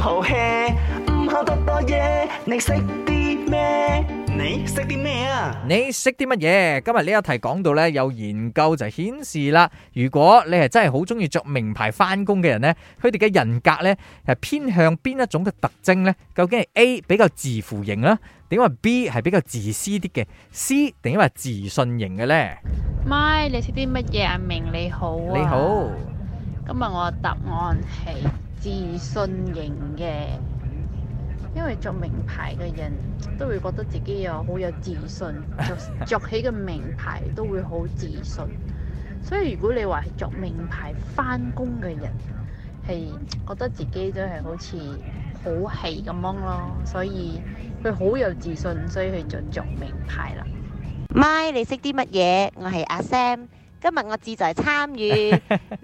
好 hea，唔好多多嘢。你識啲咩？你識啲咩啊？你識啲乜嘢？今日呢一題講到咧，有研究就顯示啦，如果你係真係好中意着名牌翻工嘅人咧，佢哋嘅人格咧係偏向邊一種嘅特徵咧？究竟係 A 比較自負型啦，定話 B 係比較自私啲嘅，C 定話自信型嘅咧？咪你識啲乜嘢啊？阿明你好，你好。今日我答案係。自信型嘅，因為着名牌嘅人都會覺得自己有好有自信，着起個名牌都會好自信。所以如果你話係着名牌返工嘅人，係覺得自己都係好似好氣咁樣咯，所以佢好有自信，所以去着着名牌啦。咪，你識啲乜嘢？我係阿 Sam。今日我志在參與，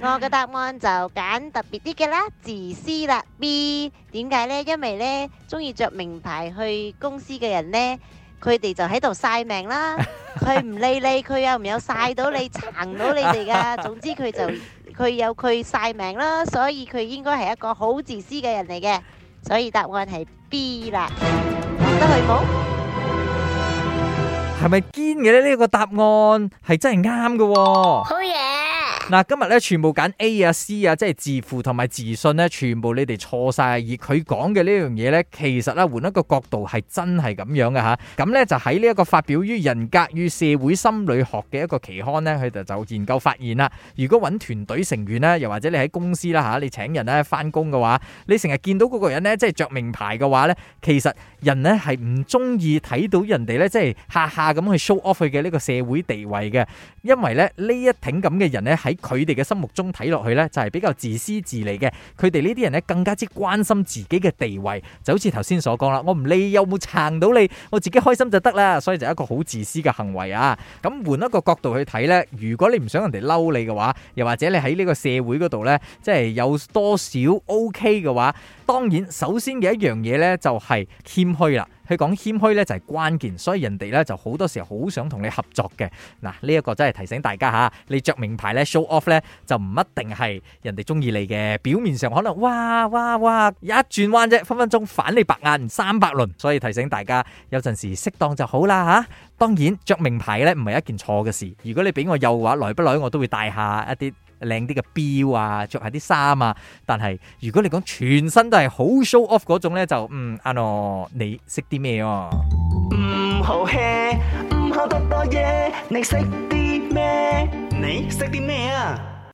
我嘅答案就揀特別啲嘅啦，自私啦 B。點解呢？因為呢中意着名牌去公司嘅人呢，佢哋就喺度晒命啦。佢唔 理你，佢又唔有晒到你，撐到你哋㗎。總之佢就佢有佢晒命啦，所以佢應該係一個好自私嘅人嚟嘅。所以答案係 B 啦。得去冇？係咪堅嘅咧？呢個答案係真係啱嘅。好嘢。嗱，今日咧，全部揀 A 啊、C 啊，即係自負同埋自信咧，全部你哋錯晒。而佢講嘅呢樣嘢咧，其實咧，換一個角度係真係咁樣嘅吓。咁、啊、咧就喺呢一個發表於《人格與社會心理學》嘅一個期刊咧，佢就就研究發現啦。如果搵團隊成員咧，又或者你喺公司啦吓、啊，你請人咧翻工嘅話，你成日見到嗰個人咧，即係着名牌嘅話咧，其實人咧係唔中意睇到人哋咧，即係下下咁去 show off 佢嘅呢個社會地位嘅，因為咧呢一挺咁嘅人咧喺。佢哋嘅心目中睇落去呢，就係比較自私自利嘅。佢哋呢啲人呢，更加之關心自己嘅地位。就好似頭先所講啦，我唔理有冇撐到你，我自己開心就得啦。所以就係一個好自私嘅行為啊。咁換一個角度去睇呢，如果你唔想人哋嬲你嘅話，又或者你喺呢個社會嗰度呢，即係有多少 OK 嘅話，當然首先嘅一樣嘢呢，就係謙虛啦。佢講謙虛呢就係關鍵，所以人哋呢就好多時候好想同你合作嘅。嗱，呢、這、一個真係提醒大家嚇，你着名牌呢 show off 呢，就唔一定係人哋中意你嘅。表面上可能哇哇哇一轉彎啫，分分鐘反你白眼三百輪。所以提醒大家有陣時適當就好啦嚇。當然着名牌呢唔係一件錯嘅事。如果你俾我有話，來不來我都會帶下一啲。靚啲嘅表啊，着下啲衫啊，但係如果你講全身都係好 show off 嗰種咧，就嗯，阿諾你識啲咩哦？唔好吃，唔好多多嘢，你識啲咩？你識啲咩啊？